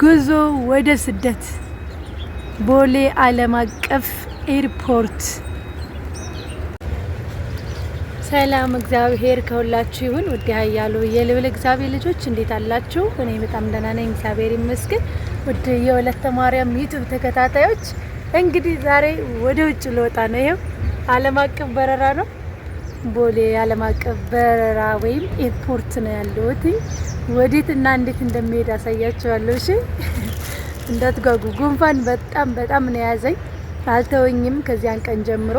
ጉዞ ወደ ስደት ቦሌ ዓለም አቀፍ ኤርፖርት። ሰላም እግዚአብሔር ከሁላችሁ ይሁን። ውድ ያሉ የልብል እግዚአብሔር ልጆች እንዴት አላችሁ? እኔ በጣም ደህና ነኝ፣ እግዚአብሔር ይመስገን። ውድ የወለተ ማርያም ዩቱብ ተከታታዮች እንግዲህ ዛሬ ወደ ውጭ ልወጣ ነው። ይሄው ዓለም አቀፍ በረራ ነው። ቦሌ ዓለም አቀፍ በረራ ወይም ኤርፖርት ነው ያለሁት። ወዴት እና እንዴት እንደሚሄድ አሳያችኋለሁ። እሺ እንዳትጓጉ። ጉንፋን በጣም በጣም ነው የያዘኝ፣ አልተወኝም ከዚያን ቀን ጀምሮ።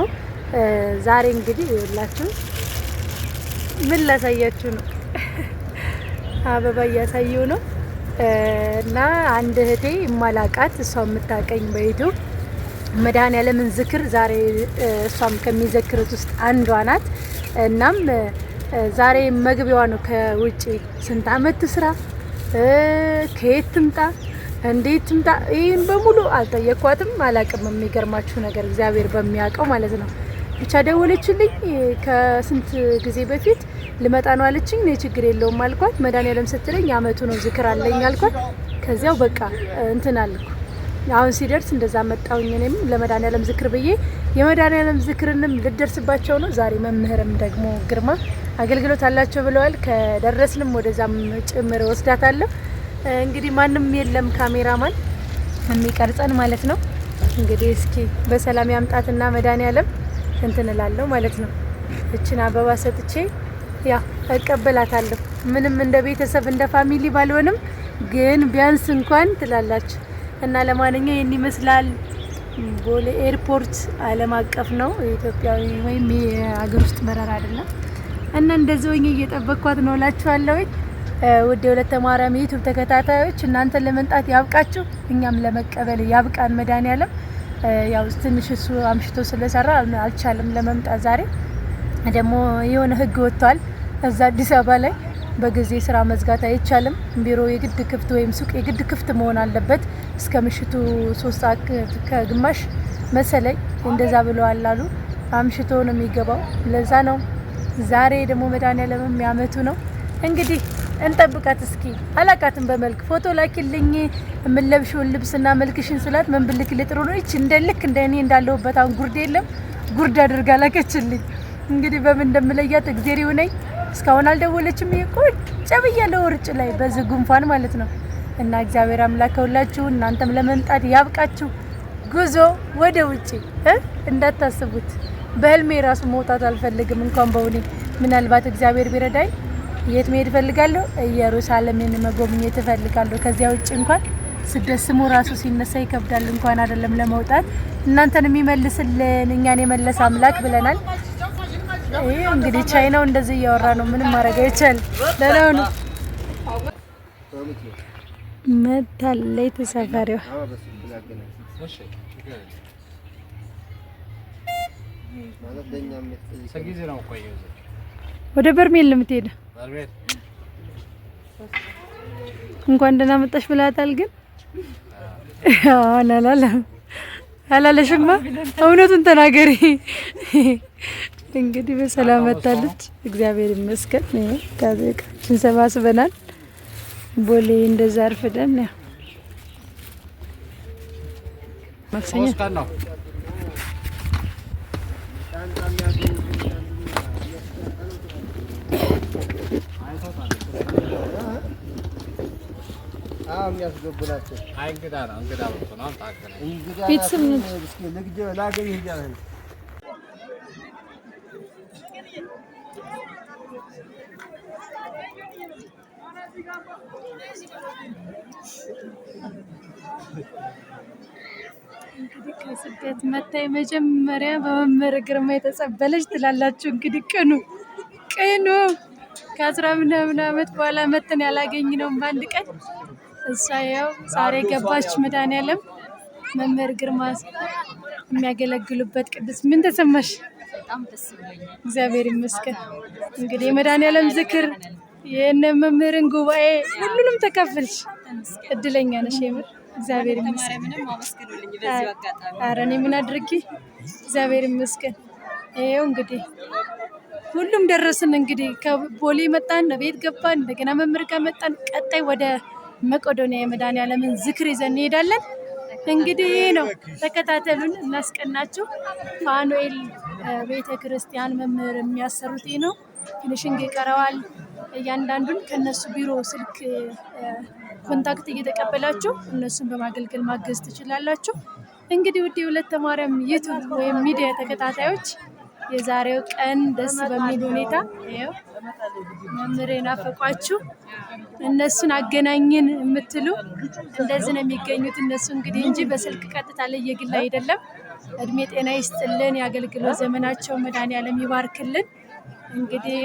ዛሬ እንግዲህ ይኸውላችሁ ምን ላሳያችሁ ነው፣ አበባ እያሳየው ነው እና አንድ እህቴ የማላቃት እሷ የምታቀኝ በዩቲዩብ መድኃኔዓለምን ዝክር ዛሬ እሷም ከሚዘክሩት ውስጥ አንዷ ናት። እናም ዛሬ መግቢያዋ ነው ከውጭ ስንት አመት ስራ ከየት ትምጣ እንዴት ትምጣ፣ ይህን በሙሉ አልጠየኳትም፣ አላቅም። የሚገርማችሁ ነገር እግዚአብሔር በሚያውቀው ማለት ነው። ብቻ ደወለችልኝ። ከስንት ጊዜ በፊት ልመጣ ነው አለችኝ። እኔ ችግር የለውም አልኳት። መድኃኔዓለም ስትለኝ አመቱ ነው ዝክር አለኝ አልኳት። ከዚያው በቃ እንትን አልኩ አሁን ሲደርስ እንደዛ መጣውኝ እኔም ለመድኃኒዓለም ዝክር ብዬ የመድኃኒዓለም ዝክርንም ልደርስባቸው ነው። ዛሬ መምህርም ደግሞ ግርማ አገልግሎት አላቸው ብለዋል። ከደረስንም ወደዛም ጭምር ወስዳታለሁ። እንግዲህ ማንም የለም ካሜራማን የሚቀርጸን ማለት ነው። እንግዲህ እስኪ በሰላም ያምጣትና መድኃኒዓለም እንትን እላለሁ ማለት ነው። እችን አበባ ሰጥቼ ያ እቀበላታለሁ። ምንም እንደ ቤተሰብ እንደ ፋሚሊ ባልሆንም ግን ቢያንስ እንኳን ትላላችሁ እና ለማንኛው ይህን ይመስላል። ቦሌ ኤርፖርት ዓለም አቀፍ ነው። ኢትዮጵያዊ ወይም የሀገር ውስጥ በረራ አይደለም። እና እንደዚህ ወኝ እየጠበቅኳት ነው እላችኋለሁ። ውድ የሁለተ ማርያም የዩቱብ ተከታታዮች እናንተ ለመምጣት ያብቃችሁ፣ እኛም ለመቀበል ያብቃን። መድኃኒዓለም ያው ትንሽ እሱ አምሽቶ ስለሰራ አልቻለም ለመምጣት። ዛሬ ደግሞ የሆነ ህግ ወጥቷል እዛ አዲስ አበባ ላይ በጊዜ ስራ መዝጋት አይቻልም። ቢሮ የግድ ክፍት ወይም ሱቅ የግድ ክፍት መሆን አለበት እስከ ምሽቱ ሶስት ሰዓት ከግማሽ መሰለኝ እንደዛ ብለዋል አሉ። አምሽቶ ነው የሚገባው። ለዛ ነው ዛሬ ደግሞ መድኃኒዓለም የሚያመቱ ነው። እንግዲህ እንጠብቃት እስኪ። አላቃትን በመልክ ፎቶ ላኪልኝ የምለብሽውን ልብስና መልክሽን ስላት መንብልክ ልጥሩ ነው ይች እንደልክ እንደ እኔ እንዳለሁበት አሁን ጉርድ የለም ጉርድ አድርጋ ላከችልኝ። እንግዲህ በምን እንደምለያት እግዜር ይሁነኝ። እስካሁን አልደወለችም። ቁጭ ብያለሁ ውርጭ ላይ በዚህ ጉንፋን ማለት ነው። እና እግዚአብሔር አምላክ ከሁላችሁ እናንተም ለመምጣት ያብቃችሁ። ጉዞ ወደ ውጪ እንዳታስቡት። በህልሜ ራሱ መውጣት አልፈልግም እንኳን በእውኔ። ምናልባት እግዚአብሔር ቢረዳኝ የት መሄድ እፈልጋለሁ? ኢየሩሳሌምን መጎብኘት እፈልጋለሁ። ከዚያ ውጭ እንኳን ስደት ስሙ ራሱ ሲነሳ ይከብዳል፣ እንኳን አይደለም ለመውጣት። እናንተን የሚመልስልን እኛን የመለሰ አምላክ ብለናል። ይህ እንግዲህ ቻይናው እንደዚህ እያወራ ነው። ምንም ማድረግ አይቻልም። ለለሆኑ መታለይ ተሳፋሪዋ ወደ በርሜል ነው እንኳን ደህና መጣሽ ብላታል ግን አዎ ያላለሽማ እውነቱን ተናገሪ። እንግዲህ በሰላም መታለች፣ እግዚአብሔር ይመስገን። ጋዜጣችን ሰባስበናል። ቦሌ እንደዛ አርፍደን ያው ማክሰኛ እንግዲህ ከስደት መታ የመጀመሪያ በመምህር ግርማ የተጸበለች ትላላችሁ። እንግዲህ ቅኑ ቅኑ ከአስራ ምናምን ዓመት በኋላ መተን ያላገኝ ነው በአንድ ቀን እሳየው ዛሬ ገባች። መድኃኒዓለም መምህር ግርማ የሚያገለግሉበት ቅዱስ ምን ተሰማሽ? እግዚአብሔር ይመስገን። እንግዲህ የመድኃኒዓለም ዝክር የእነ መምህርን ጉባኤ ሁሉንም ተካፈልሽ። እድለኛ ነሽ የምር እግዚአብሔር ይመስገን። ኧረ እኔ ምን አድርጊ፣ እግዚአብሔር ይመስገን። ይኸው እንግዲህ ሁሉም ደረስን። እንግዲህ ከቦሌ መጣን፣ ቤት ገባን፣ እንደገና መምህር ጋር መጣን። ቀጣይ ወደ መቄዶንያ የመድኃኒዓለምን ዝክር ይዘን እንሄዳለን። እንግዲህ ነው ተከታተሉን፣ እናስቀናችሁ። ፋኑኤል ቤተ ክርስቲያን መምህር የሚያሰሩት ነው። ፊኒሽንግ ይቀረዋል። እያንዳንዱን ከነሱ ቢሮ ስልክ ኮንታክት እየተቀበላችሁ እነሱን በማገልገል ማገዝ ትችላላችሁ። እንግዲህ ውድ የሁለተ ማርያም ዩቱብ ወይም ሚዲያ ተከታታዮች የዛሬው ቀን ደስ በሚል ሁኔታ መምህር ናፈቋችሁ እነሱን አገናኝን የምትሉ እንደዚህ ነው የሚገኙት እነሱ እንግዲህ እንጂ በስልክ ቀጥታ ለየግል አይደለም። እድሜ ጤና ይስጥልን፣ የአገልግሎት ዘመናቸው መድኃኔዓለም ይባርክልን። እንግዲህ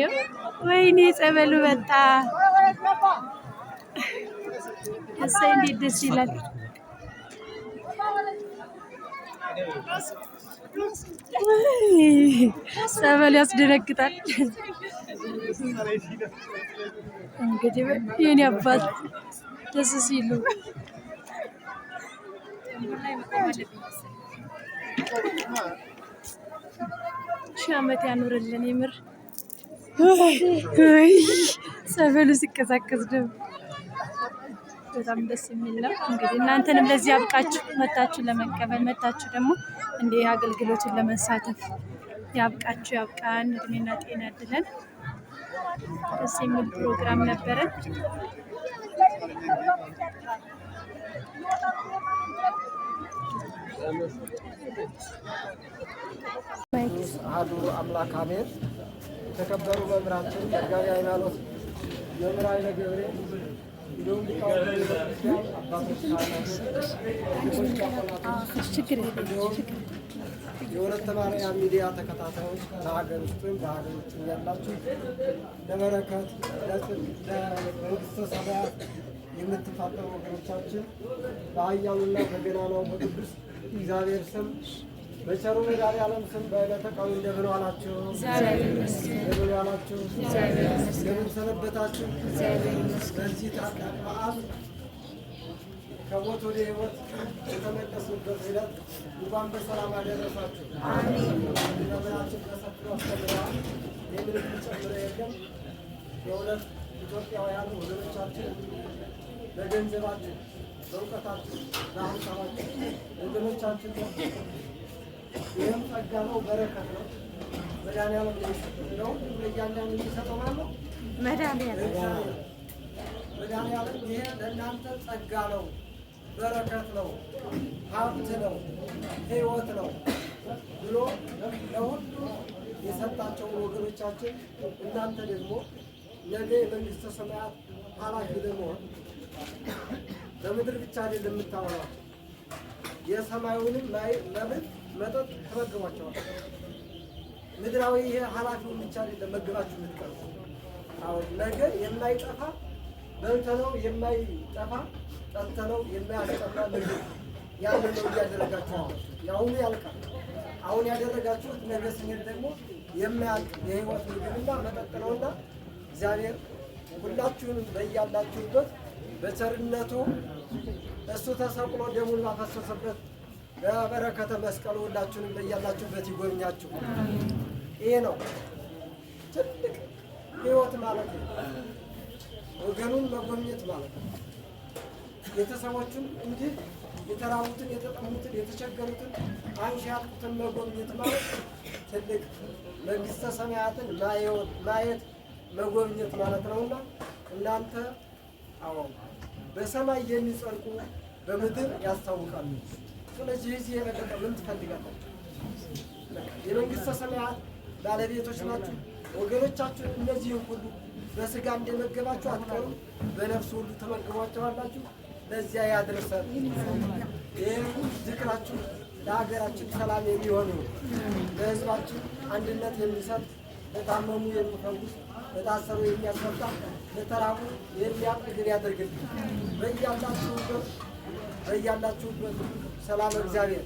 ወይኔ ጸበሉ በጣ እሰይ እንዴት ደስ ይላል። ጸበል ያስደነግጣል። እንግዲህ የኔ አባት ደስ ሲሉ ሺ ዓመት ያኖርልን። የምር ጸበሉ ሲቀሳቀስ ደግሞ በጣም ደስ የሚል ነው። እንግዲህ እናንተንም ለዚህ አብቃችሁ መታችሁ ለመቀበል መታችሁ ደግሞ እንደ አገልግሎትን ለመሳተፍ ያብቃችሁ፣ ያብቃን፣ እድሜና ጤና ያድለን። ደስ የሚል ፕሮግራም ነበረ። አሐዱ አምላክ አሜን። የተከበሩ መምህራችን መጋቢ ሃይማኖት መምህር ኃይለ ገብርኤል እንዲሁም ሊቃውንት አባቶች፣ ካህናት፣ ችግር ዲያቆናት የእውነት ተባንያ ሚዲያ ተከታታዮች በሀገር ውስጥም በሀገር ውጭም ያላችሁ ለበረከት ለመንግስተ ሰማያት የምትፋጠሩ ወገኖቻችን በአያሉና በገናናው በቅዱስ እግዚአብሔር ስም በቸሩ መድኃኔዓለም ስም በዕለተ ቀኑ እንደምን ዋላችሁ? እንደምን ዋላችሁ? እንደምን ሰነበታችሁ? በዚህ ታላቅ በዓል ከሞት ወደ ህይወት የተመለሱበት ዕለት እንኳን በሰላም አደረሳችሁ። ነገራችን በሰፊው አስተምረዋል። ይህንን ጨምረ የለም የሁለት ኢትዮጵያውያን ወገኖቻችን በገንዘባችሁ፣ በእውቀታችሁ፣ በሀሳባችሁ ወገኖቻችን ይህም ጸጋ ነው፣ በረከት ነው። መድኃኒዓለም ነው ለእያንዳንዱ የሚሰጠው ማለት ነው። መድኃኒዓለም ይሄ ለእናንተ ጸጋ ነው። በረከት ነው፣ ሀብት ነው፣ ህይወት ነው ብሎ ለሁሉ የሰጣቸው ወገኖቻችን እናንተ ደግሞ ነገ የመንግሥተ ሰማያት ኃላፊ ለመሆን በምድር ብቻ አይደለም የምታወራው የሰማዩንም መብል መጠጥ ተመግቧቸዋል። ምድራዊ ይሄ ኃላፊውን ብቻ አይደለም መግባችሁ የምትቀሩ አሁን ነገ የማይጠፋ በልተነው የማይጠፋ ጠጥተነው የማያስጠላ ምግብ ያንን ነው እያደረጋችሁ የአሁኑ ያልቃል። አሁን ያደረጋችሁት ነገ ስንል ደግሞ የማያልቅ የህይወት ምግብና መጠጥ ነውና እግዚአብሔር ሁላችሁንም በያላችሁበት በቸርነቱ እሱ ተሰቅሎ ደሙን ባፈሰሰበት በበረከተ መስቀሉ ሁላችሁንም በያላችሁበት ይጎብኛችሁ። ይህ ነው ትልቅ ህይወት ማለት ነው። ወገኑን መጎብኘት ማለት ነው። ቤተሰቦቹን እንዲህ የተራቡትን፣ የተጠሙትን፣ የተቸገሩትን አንሺ ያልኩትን መጎብኘት ማለት ትልቅ መንግስተ ሰማያትን ማየት መጎብኘት ማለት ነውና እናንተ አዎ በሰማይ የሚጸድቁ በምድር ያስታውቃሉ። ስለዚህ እዚህ የለቀቀ ምን ትፈልጋላችሁ? የመንግስተ ሰማያት ባለቤቶች ናችሁ። ወገኖቻችሁን እነዚህ ሁሉ በስጋ እንደመገባችሁ አትቀሩም፣ በነፍስ ሁሉ ትመግቧቸዋላችሁ። ለዚያ ያድርሰን። ይህም ዝክራችሁ ለሀገራችን ሰላም የሚሆኑ ለሕዝባችን አንድነት የሚሰጥ ለታመሙ የሚፈውስ ለታሰሩ የሚያስፈታ ለተራቡ የሚያጠግብ ያደርግልን። በያላችሁበት በያላችሁበት ሰላም እግዚአብሔር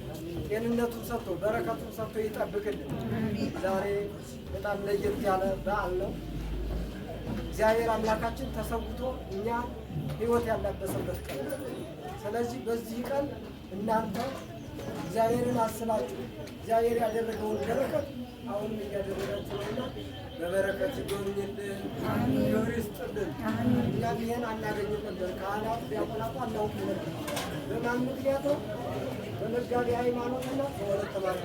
ጤንነቱን ሰጥቶ በረከቱን ሰጥቶ ይጠብቅልን። ዛሬ በጣም ለየት ያለ በዓል ነው። እግዚአብሔር አምላካችን ተሰውቶ እኛ ህይወት ያላበሰበት ቀን። ስለዚህ በዚህ ቀን እናንተ እግዚአብሔርን አስባችሁ እግዚአብሔር ያደረገውን በረከት አሁንም እያደረጋችሁ ነውና በበረከት ይጎብኝልን፣ ክብር ይስጥልን። እኛም ይህን አናገኝም ነበር፣ ካህናት ቢያቆላቁ አናውቅ ነበር። በማን ምክንያቱ? በመጋቢ ሃይማኖትና በወረት ነበር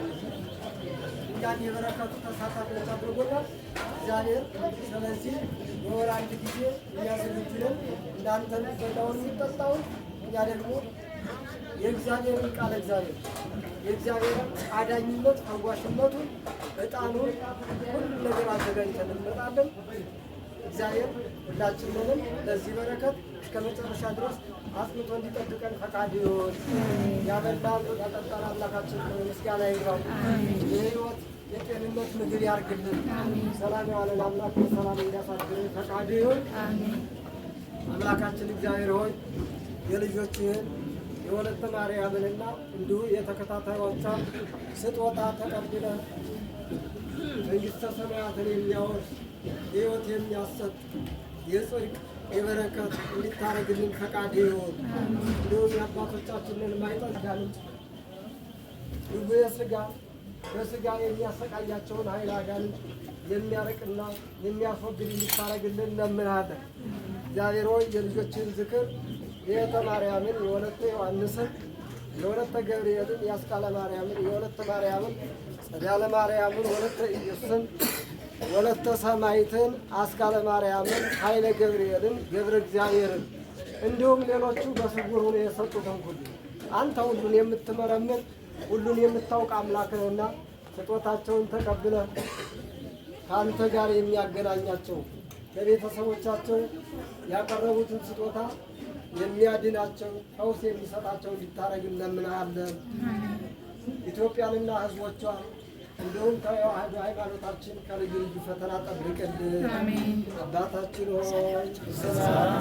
እኛን የበረከቱ ተሳታፊዎች አድርጎታል እግዚአብሔር። ስለዚህ የወር አንድ ጊዜ እያዘጋጅለን እንዳንተን በላውን የሚጠጣውን እኛ ደግሞ የእግዚአብሔርን ቃል እግዚአብሔር የእግዚአብሔር አዳኝነት አዋሽነቱን እጣኑን ሁሉም ነገር አዘጋጅተን እንመጣለን። እግዚአብሔር ሁላችንንም ለዚህ በረከት እስከ መጨረሻ ድረስ አጽንቶ እንዲጠብቀን ፈቃድ ይሁን። ያበላን ያጠጣን አምላካችን ምስጋና ይግባው። የህይወት የጤንነት ምግብ ያርግልን። ሰላም የዋለ አምላክ በሰላም እንዲያሳድርን ፈቃድ ይሁን። አምላካችን እግዚአብሔር ሆይ የልጆችህን የወለተ ማርያምንና እንዲሁ የተከታታዮቿን ስጦታ ተቀብለን መንግሥተ ሰማያትን የሚያወርስ ሕይወት የሚያሰጥ የጽድቅ የበረከት እንድታረግልን ፈቃድ ይሆን። እንዲሁም የአባቶቻችንን ማይጠት አጋንንት ርጉየ የስጋ በስጋ የሚያሰቃያቸውን ኃይል አጋንንት የሚያርቅና የሚያስወግድ እንድታረግልን እንለምንሃለን። እግዚአብሔር ሆይ የልጆችን ዝክር የእህተ ማርያምን፣ የወለተ ዮሐንስን፣ የወለተ ገብርኤልን፣ የአስካለ ማርያምን፣ የወለተ ማርያምን፣ ጸዳለ ማርያምን፣ ወለተ ኢየሱስን ወለተ ሰማይትን፣ አስካለ ማርያምን፣ ኃይለ ገብርኤልን፣ ገብረ እግዚአብሔርን እንዲሁም ሌሎቹ በስውር ሆኖ የሰጡትን ሁሉ አንተ ሁሉን የምትመረምር ሁሉን የምታውቅ አምላክንና ስጦታቸውን ተቀብለ ከአንተ ጋር የሚያገናኛቸው ከቤተሰቦቻቸው ያቀረቡትን ስጦታ የሚያድናቸው ፈውስ የሚሰጣቸው እንዲታረግ እንለምንሃለን። ኢትዮጵያንና ህዝቦቿ። እንደውም ተዋሕዶ ሃይማኖታችን ከልዩ ልዩ ፈተና ጠብቅን። አባታችን ሆይ ሰላም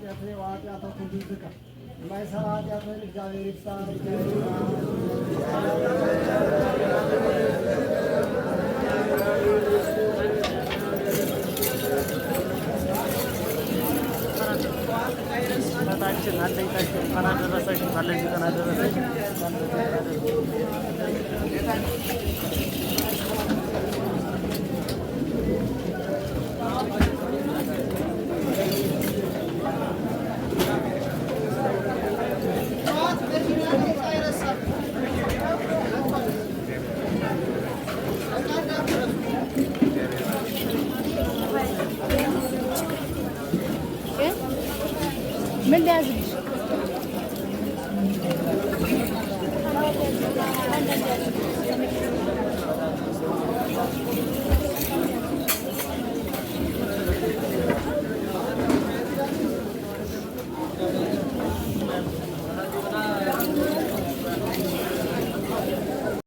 त्यातले वाहते आता खुदीच का मैसाळा त्यातले जावे रिक्षा खाल्ल्याची Mendez